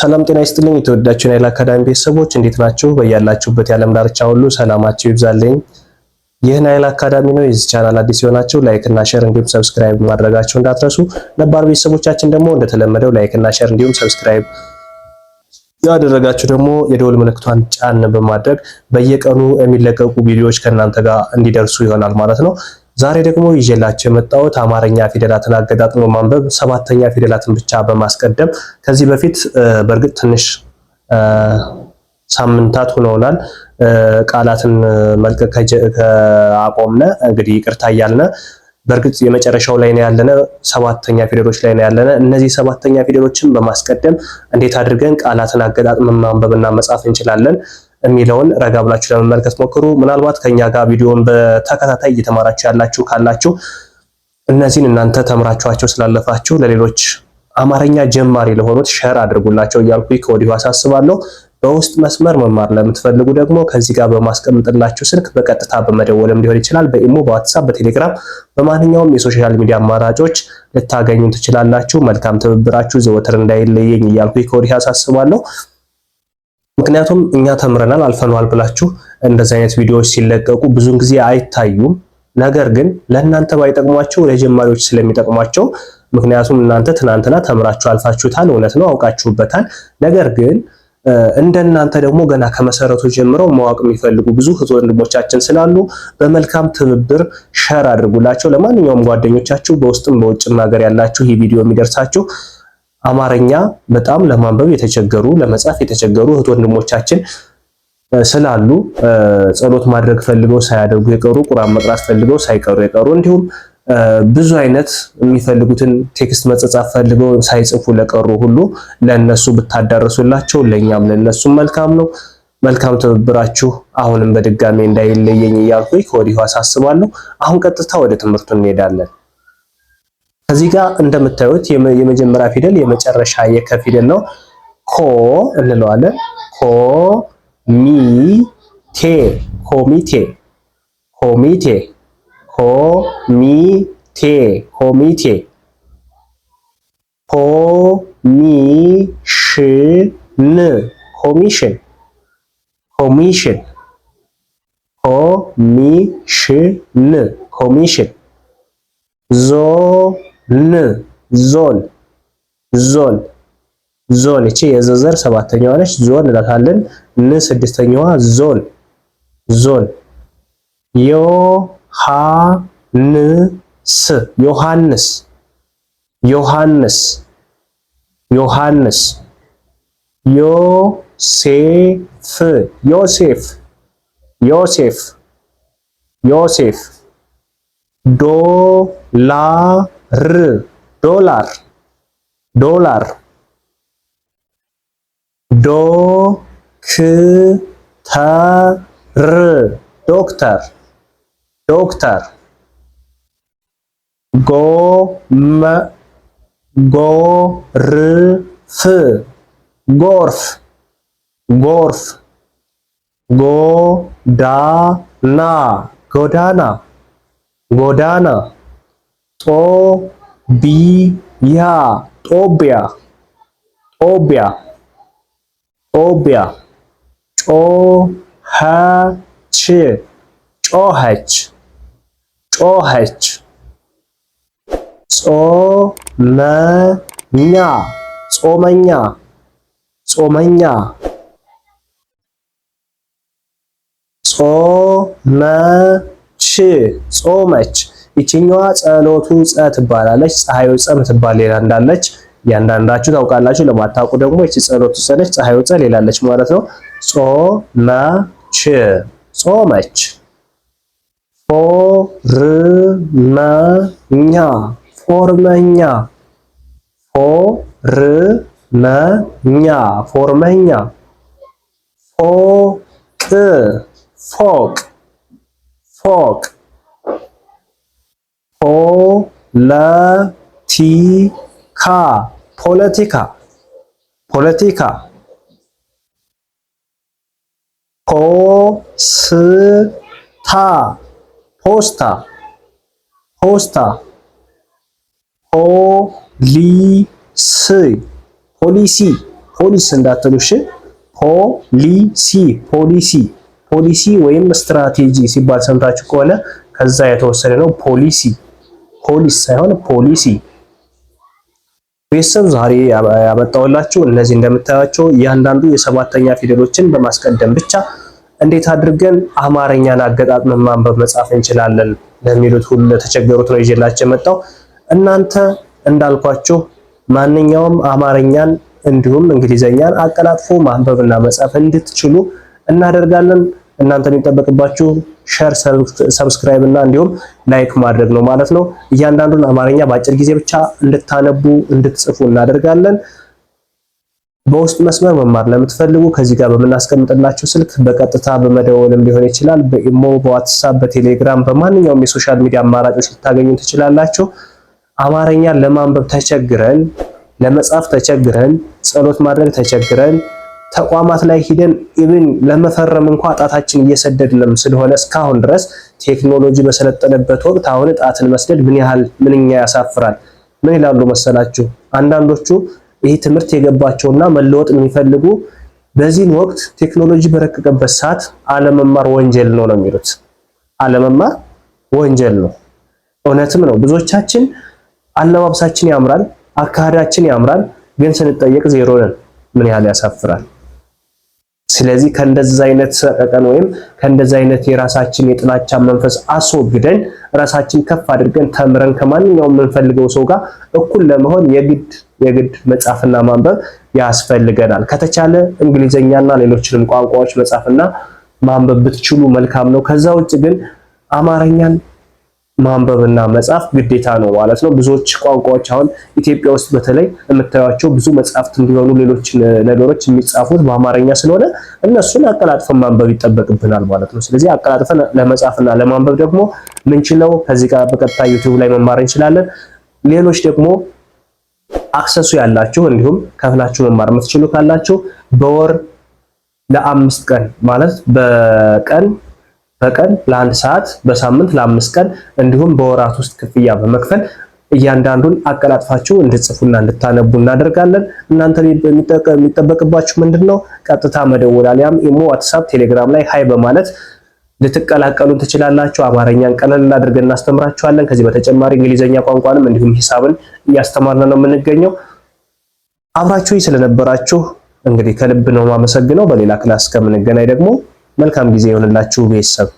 ሰላም ጤና ይስጥልኝ። የተወዳችሁ ናይል አካዳሚ ቤተሰቦች እንዴት ናችሁ? በያላችሁበት የዓለም ዳርቻ ሁሉ ሰላማችሁ ይብዛልኝ። ይህ ናይል አካዳሚ ነው። የዚህ ቻናል አዲስ የሆናችሁ ላይክ እና ሼር እንዲሁም ሰብስክራይብ ማድረጋችሁ እንዳትረሱ። ነባር ቤተሰቦቻችን ደግሞ እንደተለመደው ላይክ እና ሼር እንዲሁም ሰብስክራይብ ያደረጋችሁ ደግሞ የደወል ምልክቷን ጫን በማድረግ በየቀኑ የሚለቀቁ ቪዲዮዎች ከእናንተ ጋር እንዲደርሱ ይሆናል ማለት ነው። ዛሬ ደግሞ ይዤላቸው የመጣሁት አማርኛ ፊደላትን አገጣጥሞ ማንበብ ሰባተኛ ፊደላትን ብቻ በማስቀደም ከዚህ በፊት በእርግጥ ትንሽ ሳምንታት ሆነውናል ቃላትን መልቀቅ ከአቆምነ እንግዲህ ይቅርታ እያልነ በእርግጥ የመጨረሻው ላይ ነው ያለነ፣ ሰባተኛ ፊደሎች ላይ ነው ያለነ። እነዚህ ሰባተኛ ፊደሎችን በማስቀደም እንዴት አድርገን ቃላትን አገጣጥመን ማንበብና መጻፍ እንችላለን የሚለውን ረጋ ብላችሁ ለመመልከት ሞክሩ። ምናልባት ከኛ ጋር ቪዲዮን በተከታታይ እየተማራችሁ ያላችሁ ካላችሁ እነዚህን እናንተ ተምራችኋቸው ስላለፋችሁ ለሌሎች አማርኛ ጀማሪ ለሆኑት ሸር አድርጉላቸው እያልኩ ከወዲሁ አሳስባለሁ። በውስጥ መስመር መማር ለምትፈልጉ ደግሞ ከዚህ ጋር በማስቀምጥላችሁ ስልክ በቀጥታ በመደወልም ሊሆን ይችላል። በኢሞ፣ በዋትሳፕ፣ በቴሌግራም በማንኛውም የሶሻል ሚዲያ አማራጮች ልታገኙን ትችላላችሁ። መልካም ትብብራችሁ ዘወትር እንዳይለየኝ እያልኩ ከወዲህ አሳስባለሁ። ምክንያቱም እኛ ተምረናል አልፈኗል ብላችሁ እንደዚህ አይነት ቪዲዮዎች ሲለቀቁ ብዙን ጊዜ አይታዩም። ነገር ግን ለእናንተ ባይጠቅሟቸው ለጀማሪዎች ስለሚጠቅሟቸው፣ ምክንያቱም እናንተ ትናንትና ተምራችሁ አልፋችሁታል፣ እውነት ነው አውቃችሁበታል። ነገር ግን እንደናንተ ደግሞ ገና ከመሰረቱ ጀምረው ማወቅ የሚፈልጉ ብዙ እህት ወንድሞቻችን ስላሉ በመልካም ትብብር ሸር አድርጉላቸው። ለማንኛውም ጓደኞቻችሁ በውስጥም በውጭም ሀገር ያላችሁ ይህ ቪዲዮ የሚደርሳችሁ አማርኛ በጣም ለማንበብ የተቸገሩ ለመጻፍ የተቸገሩ እህት ወንድሞቻችን ስላሉ ጸሎት ማድረግ ፈልገው ሳያደርጉ የቀሩ ቁርአን መቅራት ፈልገው ሳይቀሩ የቀሩ እንዲሁም ብዙ አይነት የሚፈልጉትን ቴክስት መጻጻፍ ፈልገው ሳይጽፉ ለቀሩ ሁሉ ለነሱ ብታዳረሱላቸው ለኛም ለነሱም መልካም ነው። መልካም ትብብራችሁ አሁንም በድጋሜ እንዳይለየኝ እያልኩኝ ከወዲሁ አሳስባለሁ። አሁን ቀጥታ ወደ ትምህርቱ እንሄዳለን። ከዚህ ጋር እንደምታዩት የመጀመሪያ ፊደል የመጨረሻ የከ ፊደል ነው። ኮ እንለዋለን። ኮ ሚ ቴ ኮሚቴ ኮሚቴ ኮሚቴ ኮሚቴ ኮሚሽን ኮሚሽን ኮሚሽን ን ኮሚሽን ዞ ን ዞን ዞን ዞን እቺ የዘዘር ሰባተኛዋ ነች። ዞን እላታለን። ን ስድስተኛዋ ዞን ዞን ዮሐንስ ዮሐንስ ዮሐንስ ዮሐንስ ዮሴፍ ዮሴፍ ዮሴፍ ዮሴፍ ዶላ ር ዶላር ዶላር ዶክተር ዶክተር ዶክተር ጎመ ጎርፍ ጎርፍ ጎርፍ ጎዳና ጎዳና ጎዳና ጦቢያ ጦቢያ ጦቢያ ጦቢያ ጮኸች ጮኸች ጮኸች ጾመኛ ጾመኛ ጾመኛ ጾመች ጾመች ይችኛዋ ጸሎቱ ጸ ትባላለች። ፀሐዩ ፀ ምትባል ሌላ እንዳለች እያንዳንዳችሁ ታውቃላችሁ። ለማታውቁ ደግሞ ይቺ ጸሎቱ ፀ ፀሐዩ ፀ ሌላለች ማለት ነው። ጾመች ጾመች ፎርመኛ ፎርመኛ ፎርመኛ ፎርመኛ ፎቅ ፎቅ ፎቅ ፖለቲካ ፖለቲካ ፖለቲካ ፖስታ ፖስታ ፖስታ ፖሊስ ፖሊሲ ፖሊስ እንዳትሉ እሺ። ፖሊሲ ፖሊሲ ፖሊሲ ወይም ስትራቴጂ ሲባል ሰምታችሁ ከሆነ ከዛ የተወሰደ ነው ፖሊሲ ፖሊስ ሳይሆን ፖሊሲ። ቤተሰብ ዛሬ ያመጣሁላችሁ እነዚህ እንደምታያቸው እያንዳንዱ የሰባተኛ ፊደሎችን በማስቀደም ብቻ እንዴት አድርገን አማርኛን አገጣጥመን ማንበብ መጻፍ እንችላለን ለሚሉት ሁሉ ለተቸገሩት ነው ይዤላችሁ የመጣው። እናንተ እንዳልኳችሁ ማንኛውም አማርኛን እንዲሁም እንግሊዘኛን አቀላጥፎ ማንበብና መጻፍ እንድትችሉ እናደርጋለን። እናንተ የሚጠበቅባችሁ ሸር፣ ሰብስክራይብ እና እንዲሁም ላይክ ማድረግ ነው ማለት ነው። እያንዳንዱን አማርኛ በአጭር ጊዜ ብቻ እንድታነቡ እንድትጽፉ እናደርጋለን። በውስጥ መስመር መማር ለምትፈልጉ ከዚህ ጋር በምናስቀምጥላችሁ ስልክ በቀጥታ በመደወልም ሊሆን ይችላል። በኢሞ፣ በዋትሳፕ፣ በቴሌግራም በማንኛውም የሶሻል ሚዲያ አማራጮች ልታገኙ ትችላላችሁ። አማርኛ ለማንበብ ተቸግረን፣ ለመጻፍ ተቸግረን፣ ጸሎት ማድረግ ተቸግረን ተቋማት ላይ ሂደን ኢቭን ለመፈረም እንኳ ጣታችን እየሰደድንም ስለሆነ እስካሁን ድረስ ቴክኖሎጂ በሰለጠነበት ወቅት አሁን ጣትን መስደድ ምን ያህል ምንኛ ያሳፍራል። ምን ይላሉ መሰላችሁ አንዳንዶቹ ይህ ትምህርት የገባቸውና መለወጥ የሚፈልጉ በዚህን ወቅት ቴክኖሎጂ በረቀቀበት ሰዓት አለመማር ወንጀል ነው ነው የሚሉት። አለመማር ወንጀል ነው። እውነትም ነው። ብዙዎቻችን አለባበሳችን ያምራል፣ አካሄዳችን ያምራል፣ ግን ስንጠየቅ ዜሮ ነን። ምን ያህል ያሳፍራል። ስለዚህ ከእንደዚህ አይነት ሰቀቀን ወይም ከእንደዚህ አይነት የራሳችን የጥላቻ መንፈስ አስወግደን ራሳችን ከፍ አድርገን ተምረን ከማንኛውም የምንፈልገው ሰው ጋር እኩል ለመሆን የግድ የግድ መጻፍና ማንበብ ያስፈልገናል። ከተቻለ እንግሊዘኛና ሌሎችንም ቋንቋዎች መጻፍና ማንበብ ብትችሉ መልካም ነው። ከዛ ውጭ ግን አማርኛን ማንበብና መጻፍ ግዴታ ነው ማለት ነው። ብዙዎች ቋንቋዎች አሁን ኢትዮጵያ ውስጥ በተለይ የምታዩቸው ብዙ መጽሐፍት እንዲሆኑ ሌሎች ነገሮች የሚጻፉት በአማርኛ ስለሆነ እነሱን አቀላጥፈን ማንበብ ይጠበቅብናል ማለት ነው። ስለዚህ አቀላጥፈን ለመጻፍና ለማንበብ ደግሞ ምንችለው ከዚህ ጋር በቀጥታ ዩቲዩብ ላይ መማር እንችላለን። ሌሎች ደግሞ አክሰሱ ያላችሁ እንዲሁም ከፍላችሁ መማር የምትችሉ ካላችሁ በወር ለአምስት ቀን ማለት በቀን በቀን ለአንድ ሰዓት በሳምንት ለአምስት ቀን እንዲሁም በወራት ውስጥ ክፍያ በመክፈል እያንዳንዱን አቀላጥፋችሁ እንድጽፉና እንድታነቡ እናደርጋለን። እናንተ የሚጠበቅባችሁ ምንድን ነው? ቀጥታ መደወል አሊያም ኢሞ፣ ዋትሳፕ፣ ቴሌግራም ላይ ሀይ በማለት ልትቀላቀሉን ትችላላችሁ። አማርኛን ቀለል አድርገን እናስተምራችኋለን። ከዚህ በተጨማሪ እንግሊዘኛ ቋንቋንም እንዲሁም ሂሳብን እያስተማርን ነው የምንገኘው። አብራችሁ ስለነበራችሁ እንግዲህ ከልብ ነው ማመሰግነው። በሌላ ክላስ ከምንገናኝ ደግሞ መልካም ጊዜ ይሆንላችሁ ቤተሰብ